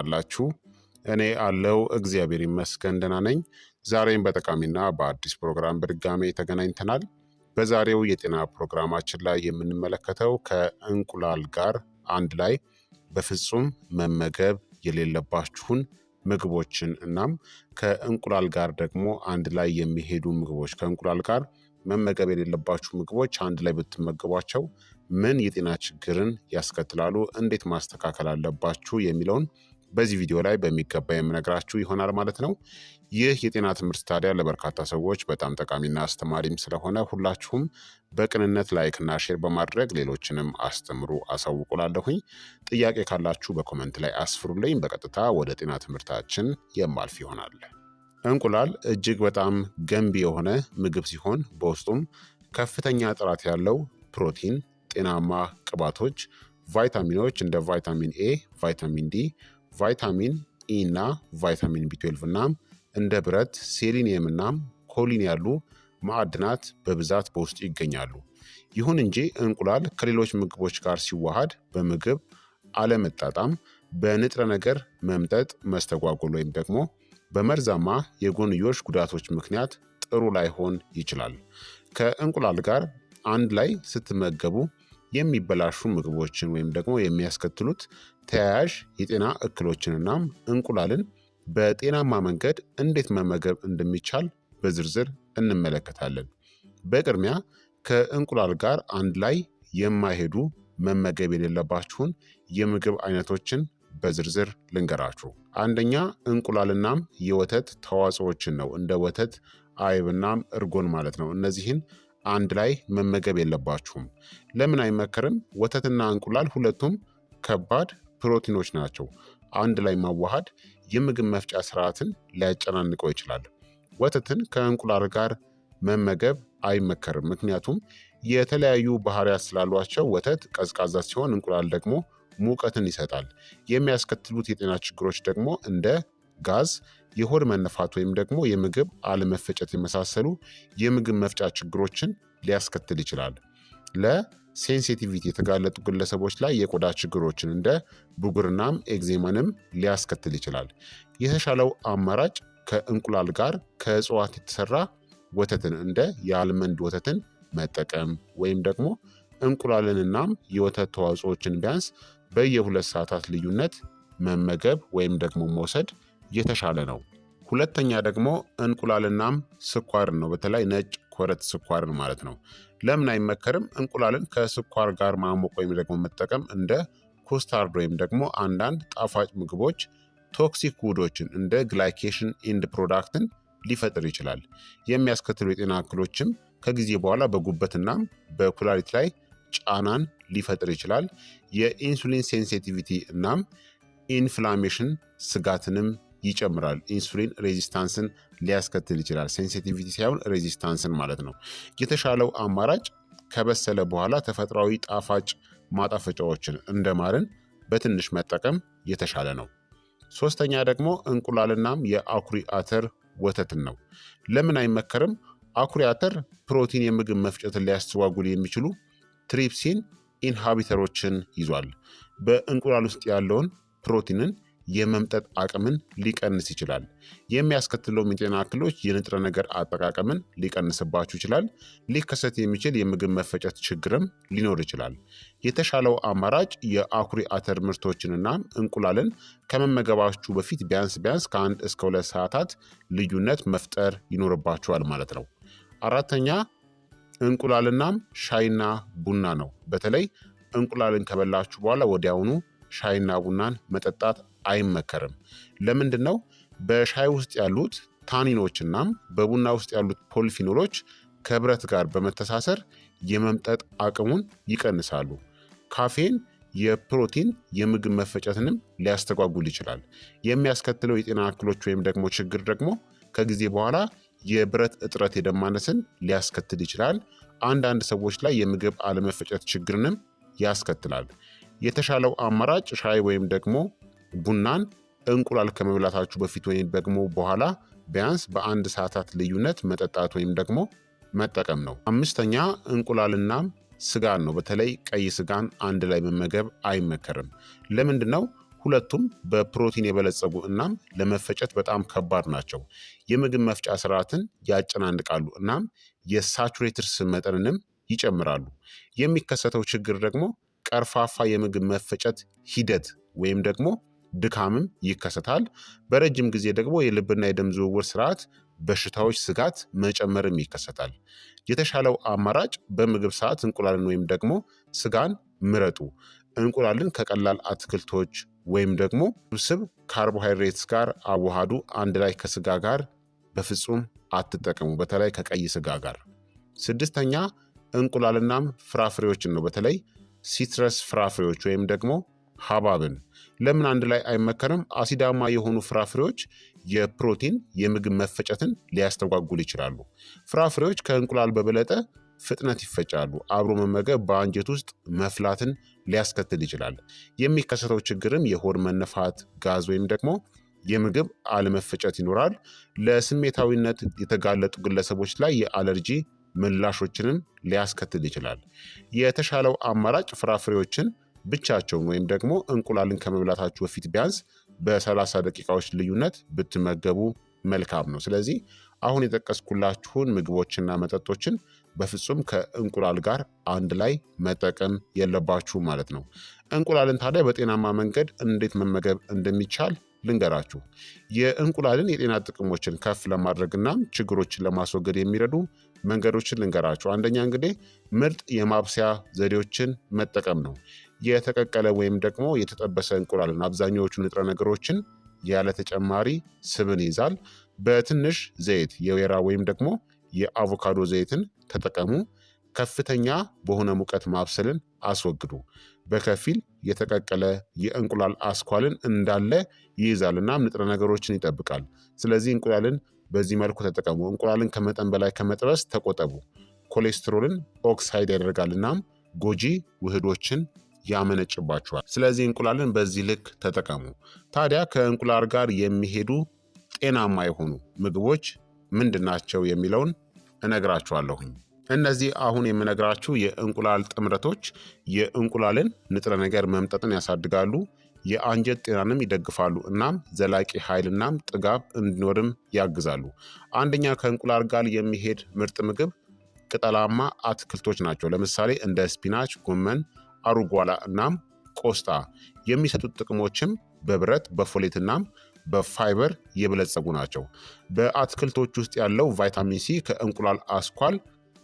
አላችሁ? እኔ አለው እግዚአብሔር ይመስገን ደህና ነኝ። ዛሬም በጠቃሚና በአዲስ ፕሮግራም በድጋሜ ተገናኝተናል። በዛሬው የጤና ፕሮግራማችን ላይ የምንመለከተው ከእንቁላል ጋር አንድ ላይ በፍጹም መመገብ የሌለባችሁን ምግቦችን እናም ከእንቁላል ጋር ደግሞ አንድ ላይ የሚሄዱ ምግቦች ከእንቁላል ጋር መመገብ የሌለባችሁ ምግቦች አንድ ላይ ብትመገቧቸው ምን የጤና ችግርን ያስከትላሉ፣ እንዴት ማስተካከል አለባችሁ የሚለውን በዚህ ቪዲዮ ላይ በሚገባ የምነግራችሁ ይሆናል ማለት ነው። ይህ የጤና ትምህርት ታዲያ ለበርካታ ሰዎች በጣም ጠቃሚና አስተማሪም ስለሆነ ሁላችሁም በቅንነት ላይክና ሼር በማድረግ ሌሎችንም አስተምሩ አሳውቁላለሁኝ። ጥያቄ ካላችሁ በኮመንት ላይ አስፍሩልኝ። በቀጥታ ወደ ጤና ትምህርታችን የማልፍ ይሆናል። እንቁላል እጅግ በጣም ገንቢ የሆነ ምግብ ሲሆን በውስጡም ከፍተኛ ጥራት ያለው ፕሮቲን፣ ጤናማ ቅባቶች፣ ቫይታሚኖች እንደ ቫይታሚን ኤ፣ ቫይታሚን ዲ ቫይታሚን ኢ e እና ቫይታሚን ቢ12 እና እንደ ብረት፣ ሴሊኒየም እና ኮሊን ያሉ ማዕድናት በብዛት በውስጡ ይገኛሉ። ይሁን እንጂ እንቁላል ከሌሎች ምግቦች ጋር ሲዋሃድ በምግብ አለመጣጣም፣ በንጥረ ነገር መምጠጥ መስተጓጎል ወይም ደግሞ በመርዛማ የጎንዮሽ ጉዳቶች ምክንያት ጥሩ ላይሆን ይችላል። ከእንቁላል ጋር አንድ ላይ ስትመገቡ የሚበላሹ ምግቦችን ወይም ደግሞ የሚያስከትሉት ተያያዥ የጤና እክሎችንና እንቁላልን በጤናማ መንገድ እንዴት መመገብ እንደሚቻል በዝርዝር እንመለከታለን። በቅድሚያ ከእንቁላል ጋር አንድ ላይ የማይሄዱ መመገብ የሌለባችሁን የምግብ አይነቶችን በዝርዝር ልንገራችሁ። አንደኛ እንቁላልናም የወተት ተዋጽኦችን ነው እንደ ወተት አይብናም እርጎን ማለት ነው። እነዚህን አንድ ላይ መመገብ የለባችሁም። ለምን አይመከርም? ወተትና እንቁላል ሁለቱም ከባድ ፕሮቲኖች ናቸው። አንድ ላይ ማዋሃድ የምግብ መፍጫ ስርዓትን ሊያጨናንቀው ይችላል። ወተትን ከእንቁላል ጋር መመገብ አይመከርም። ምክንያቱም የተለያዩ ባህሪያት ስላሏቸው ወተት ቀዝቃዛ ሲሆን፣ እንቁላል ደግሞ ሙቀትን ይሰጣል። የሚያስከትሉት የጤና ችግሮች ደግሞ እንደ ጋዝ፣ የሆድ መነፋት ወይም ደግሞ የምግብ አለመፈጨት የመሳሰሉ የምግብ መፍጫ ችግሮችን ሊያስከትል ይችላል። ለሴንሲቲቪቲ የተጋለጡ ግለሰቦች ላይ የቆዳ ችግሮችን እንደ ብጉርናም ኤግዜማንም ሊያስከትል ይችላል። የተሻለው አማራጭ ከእንቁላል ጋር ከእጽዋት የተሰራ ወተትን እንደ የአልመንድ ወተትን መጠቀም ወይም ደግሞ እንቁላልንናም የወተት ተዋጽኦችን ቢያንስ በየሁለት ሰዓታት ልዩነት መመገብ ወይም ደግሞ መውሰድ የተሻለ ነው። ሁለተኛ ደግሞ እንቁላልናም ስኳርን ነው። በተለይ ነጭ ኮረት ስኳርን ማለት ነው። ለምን አይመከርም? እንቁላልን ከስኳር ጋር ማሞቅ ወይም ደግሞ መጠቀም እንደ ኮስታርድ ወይም ደግሞ አንዳንድ ጣፋጭ ምግቦች ቶክሲክ ውዶችን እንደ ግላይኬሽን ኢንድ ፕሮዳክትን ሊፈጥር ይችላል። የሚያስከትሉ የጤና እክሎችም ከጊዜ በኋላ በጉበትናም በኩላሊት ላይ ጫናን ሊፈጥር ይችላል። የኢንሱሊን ሴንሲቲቪቲ እናም ኢንፍላሜሽን ስጋትንም ይጨምራል። ኢንሱሊን ሬዚስታንስን ሊያስከትል ይችላል። ሴንሲቲቪቲ ሳይሆን ሬዚስታንስን ማለት ነው። የተሻለው አማራጭ ከበሰለ በኋላ ተፈጥሯዊ ጣፋጭ ማጣፈጫዎችን እንደ ማርን በትንሽ መጠቀም የተሻለ ነው። ሶስተኛ ደግሞ እንቁላልናም የአኩሪ አተር ወተትን ነው። ለምን አይመከርም? አኩሪ አተር ፕሮቲን የምግብ መፍጨትን ሊያስተጓጉል የሚችሉ ትሪፕሲን ኢንሃቢተሮችን ይዟል። በእንቁላል ውስጥ ያለውን ፕሮቲንን የመምጠጥ አቅምን ሊቀንስ ይችላል። የሚያስከትለውም የጤና እክሎች የንጥረ ነገር አጠቃቀምን ሊቀንስባችሁ ይችላል። ሊከሰት የሚችል የምግብ መፈጨት ችግርም ሊኖር ይችላል። የተሻለው አማራጭ የአኩሪ አተር ምርቶችንና እንቁላልን ከመመገባችሁ በፊት ቢያንስ ቢያንስ ከአንድ እስከ ሁለት ሰዓታት ልዩነት መፍጠር ይኖርባችኋል ማለት ነው። አራተኛ እንቁላልናም ሻይና ቡና ነው። በተለይ እንቁላልን ከበላችሁ በኋላ ወዲያውኑ ሻይና ቡናን መጠጣት አይመከርም። ለምንድን ነው? በሻይ ውስጥ ያሉት ታኒኖች እናም በቡና ውስጥ ያሉት ፖሊፊኖሎች ከብረት ጋር በመተሳሰር የመምጠጥ አቅሙን ይቀንሳሉ። ካፌን የፕሮቲን የምግብ መፈጨትንም ሊያስተጓጉል ይችላል። የሚያስከትለው የጤና እክሎች ወይም ደግሞ ችግር ደግሞ ከጊዜ በኋላ የብረት እጥረት የደም ማነስን ሊያስከትል ይችላል። አንዳንድ ሰዎች ላይ የምግብ አለመፈጨት ችግርንም ያስከትላል። የተሻለው አማራጭ ሻይ ወይም ደግሞ ቡናን እንቁላል ከመብላታችሁ በፊት ወይም ደግሞ በኋላ ቢያንስ በአንድ ሰዓታት ልዩነት መጠጣት ወይም ደግሞ መጠቀም ነው። አምስተኛ እንቁላልና ስጋን ነው። በተለይ ቀይ ስጋን አንድ ላይ መመገብ አይመከርም። ለምንድ ነው? ሁለቱም በፕሮቲን የበለጸጉ እናም ለመፈጨት በጣም ከባድ ናቸው። የምግብ መፍጫ ስርዓትን ያጨናንቃሉ እናም የሳቹሬትርስ መጠንንም ይጨምራሉ። የሚከሰተው ችግር ደግሞ ቀርፋፋ የምግብ መፈጨት ሂደት ወይም ደግሞ ድካምም ይከሰታል። በረጅም ጊዜ ደግሞ የልብና የደም ዝውውር ስርዓት በሽታዎች ስጋት መጨመርም ይከሰታል። የተሻለው አማራጭ በምግብ ሰዓት እንቁላልን ወይም ደግሞ ስጋን ምረጡ። እንቁላልን ከቀላል አትክልቶች ወይም ደግሞ ስብስብ ካርቦሃይድሬትስ ጋር አዋሃዱ። አንድ ላይ ከስጋ ጋር በፍጹም አትጠቀሙ፣ በተለይ ከቀይ ስጋ ጋር። ስድስተኛ እንቁላልናም ፍራፍሬዎችን ነው። በተለይ ሲትረስ ፍራፍሬዎች ወይም ደግሞ ሀብሐብን ለምን አንድ ላይ አይመከርም? አሲዳማ የሆኑ ፍራፍሬዎች የፕሮቲን የምግብ መፈጨትን ሊያስተጓጉል ይችላሉ። ፍራፍሬዎች ከእንቁላል በበለጠ ፍጥነት ይፈጫሉ። አብሮ መመገብ በአንጀት ውስጥ መፍላትን ሊያስከትል ይችላል። የሚከሰተው ችግርም የሆድ መነፋት፣ ጋዝ ወይም ደግሞ የምግብ አለመፈጨት ይኖራል። ለስሜታዊነት የተጋለጡ ግለሰቦች ላይ የአለርጂ ምላሾችንም ሊያስከትል ይችላል። የተሻለው አማራጭ ፍራፍሬዎችን ብቻቸውን ወይም ደግሞ እንቁላልን ከመብላታችሁ በፊት ቢያንስ በ30 ደቂቃዎች ልዩነት ብትመገቡ መልካም ነው። ስለዚህ አሁን የጠቀስኩላችሁን ምግቦችና መጠጦችን በፍጹም ከእንቁላል ጋር አንድ ላይ መጠቀም የለባችሁ ማለት ነው። እንቁላልን ታዲያ በጤናማ መንገድ እንዴት መመገብ እንደሚቻል ልንገራችሁ። የእንቁላልን የጤና ጥቅሞችን ከፍ ለማድረግና ችግሮችን ለማስወገድ የሚረዱ መንገዶችን ልንገራችሁ። አንደኛ እንግዲህ ምርጥ የማብሰያ ዘዴዎችን መጠቀም ነው። የተቀቀለ ወይም ደግሞ የተጠበሰ እንቁላል አብዛኛዎቹ ንጥረ ነገሮችን ያለ ተጨማሪ ስብን ይዛል። በትንሽ ዘይት የወይራ ወይም ደግሞ የአቮካዶ ዘይትን ተጠቀሙ። ከፍተኛ በሆነ ሙቀት ማብሰልን አስወግዱ። በከፊል የተቀቀለ የእንቁላል አስኳልን እንዳለ ይይዛል እናም ንጥረ ነገሮችን ይጠብቃል። ስለዚህ እንቁላልን በዚህ መልኩ ተጠቀሙ። እንቁላልን ከመጠን በላይ ከመጥበስ ተቆጠቡ። ኮሌስትሮልን ኦክሳይድ ያደርጋል እናም ጎጂ ውህዶችን ያመነጭባችኋል። ስለዚህ እንቁላልን በዚህ ልክ ተጠቀሙ። ታዲያ ከእንቁላል ጋር የሚሄዱ ጤናማ የሆኑ ምግቦች ምንድናቸው የሚለውን እነግራችኋለሁኝ። እነዚህ አሁን የምነግራችሁ የእንቁላል ጥምረቶች የእንቁላልን ንጥረ ነገር መምጠጥን ያሳድጋሉ፣ የአንጀት ጤናንም ይደግፋሉ፣ እናም ዘላቂ ኃይልናም ጥጋብ እንዲኖርም ያግዛሉ። አንደኛ ከእንቁላል ጋር የሚሄድ ምርጥ ምግብ ቅጠላማ አትክልቶች ናቸው። ለምሳሌ እንደ ስፒናች፣ ጎመን፣ አሩጓላ እናም ቆስጣ የሚሰጡት ጥቅሞችም በብረት በፎሌት እናም በፋይበር የበለጸጉ ናቸው። በአትክልቶች ውስጥ ያለው ቫይታሚን ሲ ከእንቁላል አስኳል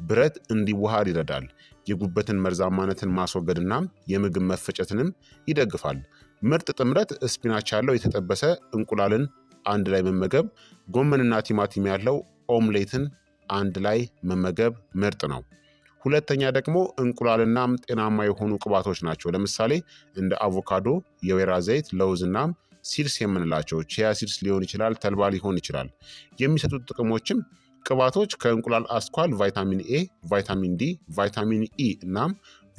ብረት እንዲዋሃድ ይረዳል። የጉበትን መርዛማነትን ማስወገድና የምግብ መፈጨትንም ይደግፋል። ምርጥ ጥምረት ስፒናች ያለው የተጠበሰ እንቁላልን አንድ ላይ መመገብ፣ ጎመንና ቲማቲም ያለው ኦምሌትን አንድ ላይ መመገብ ምርጥ ነው። ሁለተኛ ደግሞ እንቁላልና ጤናማ የሆኑ ቅባቶች ናቸው። ለምሳሌ እንደ አቮካዶ፣ የወይራ ዘይት፣ ለውዝናም ሲድስ የምንላቸው ቺያ ሲድስ ሊሆን ይችላል፣ ተልባ ሊሆን ይችላል። የሚሰጡት ጥቅሞችም ቅባቶች ከእንቁላል አስኳል ቫይታሚን ኤ፣ ቫይታሚን ዲ፣ ቫይታሚን ኢ እናም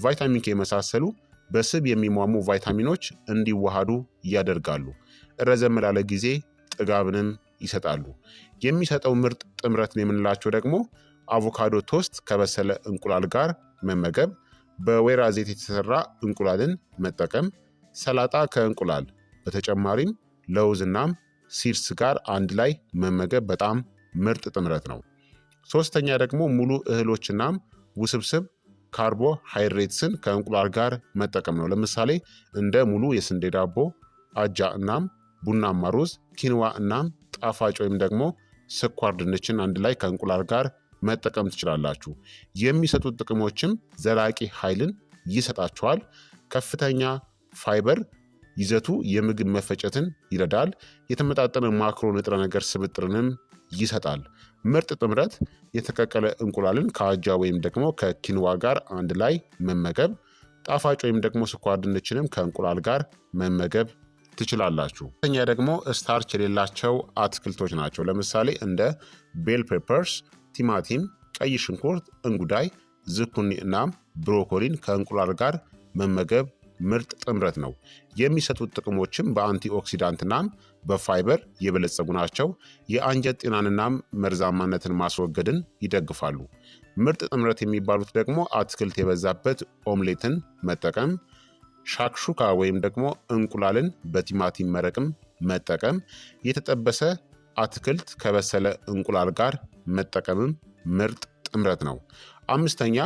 ቫይታሚን ኬ የመሳሰሉ በስብ የሚሟሙ ቫይታሚኖች እንዲዋሃዱ ያደርጋሉ። ረዘም ላለ ጊዜ ጥጋብንም ይሰጣሉ። የሚሰጠው ምርጥ ጥምረትን የምንላቸው ደግሞ አቮካዶ ቶስት ከበሰለ እንቁላል ጋር መመገብ፣ በወይራ ዘይት የተሰራ እንቁላልን መጠቀም፣ ሰላጣ ከእንቁላል በተጨማሪም ለውዝናም ሲርስ ጋር አንድ ላይ መመገብ በጣም ምርጥ ጥምረት ነው። ሶስተኛ ደግሞ ሙሉ እህሎችናም ውስብስብ ካርቦ ሃይድሬትስን ከእንቁላል ጋር መጠቀም ነው። ለምሳሌ እንደ ሙሉ የስንዴ ዳቦ፣ አጃ እናም ቡናማ ሩዝ፣ ኪንዋ እናም ጣፋጭ ወይም ደግሞ ስኳር ድንችን አንድ ላይ ከእንቁላል ጋር መጠቀም ትችላላችሁ። የሚሰጡት ጥቅሞችም ዘላቂ ኃይልን ይሰጣችኋል። ከፍተኛ ፋይበር ይዘቱ የምግብ መፈጨትን ይረዳል። የተመጣጠነ ማክሮ ንጥረ ነገር ስብጥርንም ይሰጣል። ምርጥ ጥምረት የተቀቀለ እንቁላልን ከአጃ ወይም ደግሞ ከኪንዋ ጋር አንድ ላይ መመገብ፣ ጣፋጭ ወይም ደግሞ ስኳር ድንችንም ከእንቁላል ጋር መመገብ ትችላላችሁ። ተኛ ደግሞ ስታርች የሌላቸው አትክልቶች ናቸው። ለምሳሌ እንደ ቤል ፔፐርስ፣ ቲማቲም፣ ቀይ ሽንኩርት፣ እንጉዳይ፣ ዝኩኒ እናም ብሮኮሊን ከእንቁላል ጋር መመገብ ምርጥ ጥምረት ነው። የሚሰጡት ጥቅሞችም በአንቲኦክሲዳንትናም በፋይበር የበለጸጉ ናቸው። የአንጀት ጤናንናም መርዛማነትን ማስወገድን ይደግፋሉ። ምርጥ ጥምረት የሚባሉት ደግሞ አትክልት የበዛበት ኦምሌትን መጠቀም፣ ሻክሹካ ወይም ደግሞ እንቁላልን በቲማቲም መረቅም መጠቀም፣ የተጠበሰ አትክልት ከበሰለ እንቁላል ጋር መጠቀምም ምርጥ ጥምረት ነው። አምስተኛ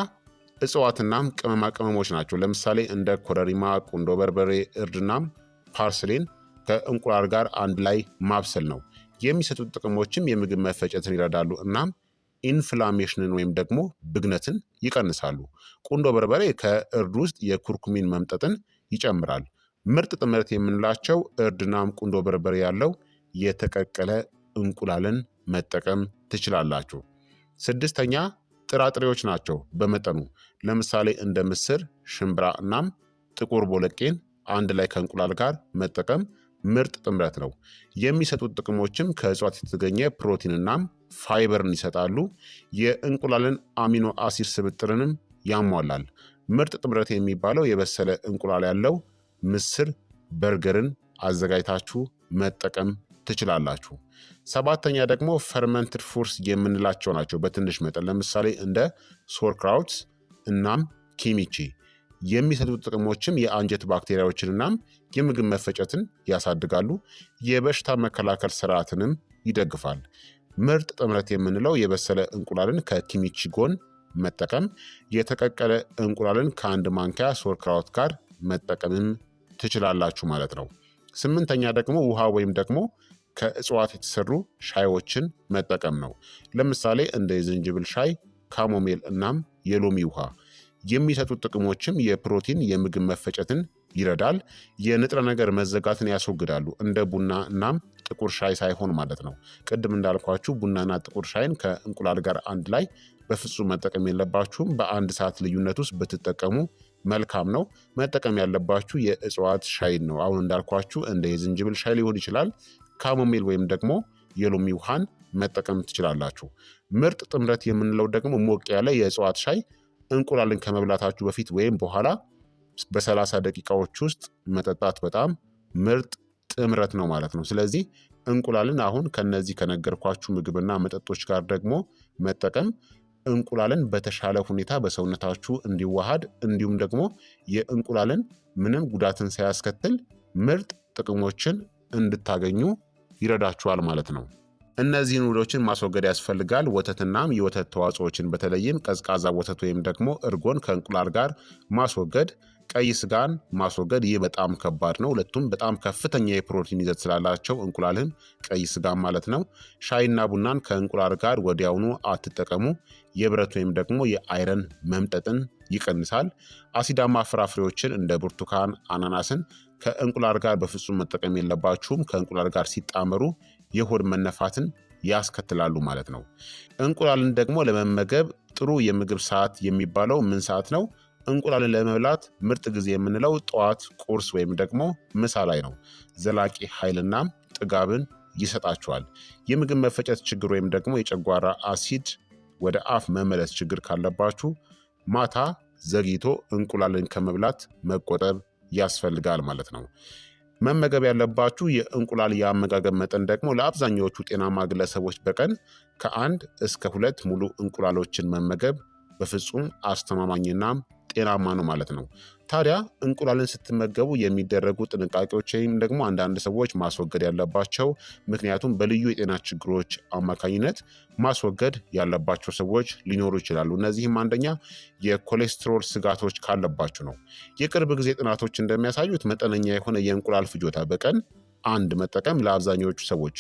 እጽዋትናም ቅመማ ቅመሞች ናቸው። ለምሳሌ እንደ ኮረሪማ፣ ቁንዶ በርበሬ፣ እርድናም ፓርስሌን ከእንቁላል ጋር አንድ ላይ ማብሰል ነው። የሚሰጡት ጥቅሞችም የምግብ መፈጨትን ይረዳሉ፣ እናም ኢንፍላሜሽንን ወይም ደግሞ ብግነትን ይቀንሳሉ። ቁንዶ በርበሬ ከእርድ ውስጥ የኩርኩሚን መምጠጥን ይጨምራል። ምርጥ ጥምረት የምንላቸው እርድናም ቁንዶ በርበሬ ያለው የተቀቀለ እንቁላልን መጠቀም ትችላላችሁ። ስድስተኛ ጥራጥሬዎች ናቸው። በመጠኑ ለምሳሌ እንደ ምስር፣ ሽምብራ እናም ጥቁር ቦለቄን አንድ ላይ ከእንቁላል ጋር መጠቀም ምርጥ ጥምረት ነው። የሚሰጡት ጥቅሞችም ከእጽዋት የተገኘ ፕሮቲን እናም ፋይበርን ይሰጣሉ። የእንቁላልን አሚኖ አሲድ ስብጥርንም ያሟላል። ምርጥ ጥምረት የሚባለው የበሰለ እንቁላል ያለው ምስር በርገርን አዘጋጅታችሁ መጠቀም ትችላላችሁ። ሰባተኛ ደግሞ ፈርመንትድ ፉርስ የምንላቸው ናቸው በትንሽ መጠን ለምሳሌ እንደ ሶርክራውት እናም ኪሚቺ የሚሰጡት ጥቅሞችም የአንጀት ባክቴሪያዎችን እናም የምግብ መፈጨትን ያሳድጋሉ። የበሽታ መከላከል ስርዓትንም ይደግፋል። ምርጥ ጥምረት የምንለው የበሰለ እንቁላልን ከኪሚቺ ጎን መጠቀም፣ የተቀቀለ እንቁላልን ከአንድ ማንኪያ ሶርክራውት ጋር መጠቀምም ትችላላችሁ ማለት ነው። ስምንተኛ ደግሞ ውሃ ወይም ደግሞ ከእጽዋት የተሰሩ ሻዮችን መጠቀም ነው። ለምሳሌ እንደ የዝንጅብል ሻይ፣ ካሞሜል እናም የሎሚ ውሃ የሚሰጡት ጥቅሞችም የፕሮቲን የምግብ መፈጨትን ይረዳል፣ የንጥረ ነገር መዘጋትን ያስወግዳሉ። እንደ ቡና እናም ጥቁር ሻይ ሳይሆን ማለት ነው። ቅድም እንዳልኳችሁ ቡናና ጥቁር ሻይን ከእንቁላል ጋር አንድ ላይ በፍጹም መጠቀም የለባችሁም። በአንድ ሰዓት ልዩነት ውስጥ ብትጠቀሙ መልካም ነው። መጠቀም ያለባችሁ የእጽዋት ሻይን ነው። አሁን እንዳልኳችሁ እንደ የዝንጅብል ሻይ ሊሆን ይችላል። ካሞሚል ወይም ደግሞ የሎሚ ውሃን መጠቀም ትችላላችሁ። ምርጥ ጥምረት የምንለው ደግሞ ሞቅ ያለ የእጽዋት ሻይ እንቁላልን ከመብላታችሁ በፊት ወይም በኋላ በሰላሳ ደቂቃዎች ውስጥ መጠጣት በጣም ምርጥ ጥምረት ነው ማለት ነው። ስለዚህ እንቁላልን አሁን ከነዚህ ከነገርኳችሁ ምግብና መጠጦች ጋር ደግሞ መጠቀም እንቁላልን በተሻለ ሁኔታ በሰውነታችሁ እንዲዋሃድ እንዲሁም ደግሞ የእንቁላልን ምንም ጉዳትን ሳያስከትል ምርጥ ጥቅሞችን እንድታገኙ ይረዳችኋል ማለት ነው። እነዚህን ውሎችን ማስወገድ ያስፈልጋል። ወተትናም የወተት ተዋጽኦችን በተለይም ቀዝቃዛ ወተት ወይም ደግሞ እርጎን ከእንቁላል ጋር ማስወገድ ቀይ ስጋን ማስወገድ ይህ በጣም ከባድ ነው። ሁለቱም በጣም ከፍተኛ የፕሮቲን ይዘት ስላላቸው እንቁላልን፣ ቀይ ስጋን ማለት ነው። ሻይና ቡናን ከእንቁላል ጋር ወዲያውኑ አትጠቀሙ። የብረት ወይም ደግሞ የአይረን መምጠጥን ይቀንሳል። አሲዳማ ፍራፍሬዎችን እንደ ብርቱካን፣ አናናስን ከእንቁላል ጋር በፍጹም መጠቀም የለባችሁም። ከእንቁላል ጋር ሲጣመሩ የሆድ መነፋትን ያስከትላሉ ማለት ነው። እንቁላልን ደግሞ ለመመገብ ጥሩ የምግብ ሰዓት የሚባለው ምን ሰዓት ነው? እንቁላልን ለመብላት ምርጥ ጊዜ የምንለው ጠዋት ቁርስ ወይም ደግሞ ምሳ ላይ ነው። ዘላቂ ኃይልና ጥጋብን ይሰጣችኋል። የምግብ መፈጨት ችግር ወይም ደግሞ የጨጓራ አሲድ ወደ አፍ መመለስ ችግር ካለባችሁ ማታ ዘግይቶ እንቁላልን ከመብላት መቆጠብ ያስፈልጋል ማለት ነው። መመገብ ያለባችሁ የእንቁላል የአመጋገብ መጠን ደግሞ ለአብዛኛዎቹ ጤናማ ግለሰቦች በቀን ከአንድ እስከ ሁለት ሙሉ እንቁላሎችን መመገብ በፍጹም አስተማማኝናም ጤናማ ነው ማለት ነው። ታዲያ እንቁላልን ስትመገቡ የሚደረጉ ጥንቃቄዎች ወይም ደግሞ አንዳንድ ሰዎች ማስወገድ ያለባቸው ምክንያቱም በልዩ የጤና ችግሮች አማካኝነት ማስወገድ ያለባቸው ሰዎች ሊኖሩ ይችላሉ። እነዚህም አንደኛ የኮሌስትሮል ስጋቶች ካለባችሁ ነው። የቅርብ ጊዜ ጥናቶች እንደሚያሳዩት መጠነኛ የሆነ የእንቁላል ፍጆታ በቀን አንድ መጠቀም ለአብዛኛዎቹ ሰዎች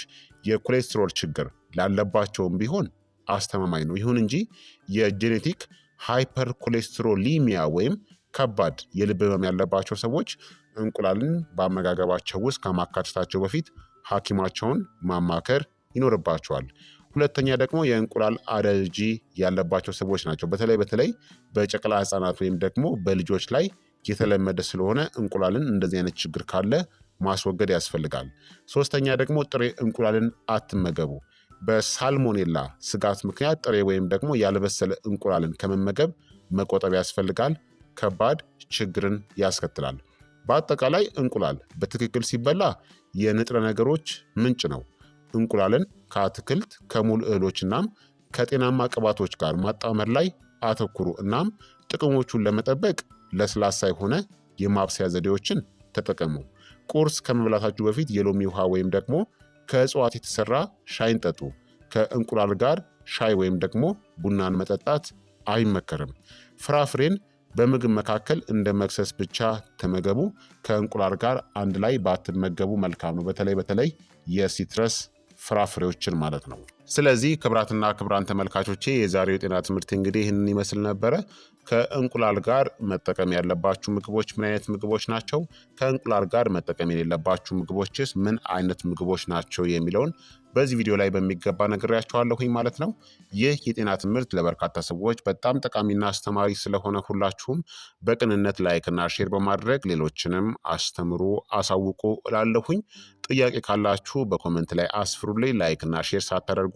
የኮሌስትሮል ችግር ላለባቸውም ቢሆን አስተማማኝ ነው። ይሁን እንጂ የጄኔቲክ ሃይፐርኮሌስትሮሊሚያ ወይም ከባድ የልብ ህመም ያለባቸው ሰዎች እንቁላልን በአመጋገባቸው ውስጥ ከማካተታቸው በፊት ሐኪማቸውን ማማከር ይኖርባቸዋል። ሁለተኛ ደግሞ የእንቁላል አለርጂ ያለባቸው ሰዎች ናቸው። በተለይ በተለይ በጨቅላ ህፃናት ወይም ደግሞ በልጆች ላይ የተለመደ ስለሆነ እንቁላልን እንደዚህ አይነት ችግር ካለ ማስወገድ ያስፈልጋል። ሶስተኛ ደግሞ ጥሬ እንቁላልን አትመገቡ። በሳልሞኔላ ስጋት ምክንያት ጥሬ ወይም ደግሞ ያልበሰለ እንቁላልን ከመመገብ መቆጠብ ያስፈልጋል። ከባድ ችግርን ያስከትላል። በአጠቃላይ እንቁላል በትክክል ሲበላ የንጥረ ነገሮች ምንጭ ነው። እንቁላልን ከአትክልት ከሙል እህሎች እናም ከጤናማ ቅባቶች ጋር ማጣመር ላይ አተኩሩ። እናም ጥቅሞቹን ለመጠበቅ ለስላሳ የሆነ የማብሰያ ዘዴዎችን ተጠቀሙ። ቁርስ ከመብላታችሁ በፊት የሎሚ ውሃ ወይም ደግሞ ከእጽዋት የተሰራ ሻይን ጠጡ። ከእንቁላል ጋር ሻይ ወይም ደግሞ ቡናን መጠጣት አይመከርም። ፍራፍሬን በምግብ መካከል እንደ መክሰስ ብቻ ተመገቡ። ከእንቁላል ጋር አንድ ላይ ባትመገቡ መልካም ነው። በተለይ በተለይ የሲትረስ ፍራፍሬዎችን ማለት ነው። ስለዚህ ክብራትና ክብራን ተመልካቾቼ የዛሬው የጤና ትምህርት እንግዲህ ይህንን ይመስል ነበረ። ከእንቁላል ጋር መጠቀም ያለባችሁ ምግቦች ምን አይነት ምግቦች ናቸው? ከእንቁላል ጋር መጠቀም የሌለባችሁ ምግቦችስ ምን አይነት ምግቦች ናቸው? የሚለውን በዚህ ቪዲዮ ላይ በሚገባ ነግሬያችኋለሁኝ ማለት ነው። ይህ የጤና ትምህርት ለበርካታ ሰዎች በጣም ጠቃሚና አስተማሪ ስለሆነ ሁላችሁም በቅንነት ላይክና ሼር በማድረግ ሌሎችንም አስተምሩ፣ አሳውቁ እላለሁኝ። ጥያቄ ካላችሁ በኮመንት ላይ አስፍሩልኝ። ላይክና ሼር ሳታደርጉ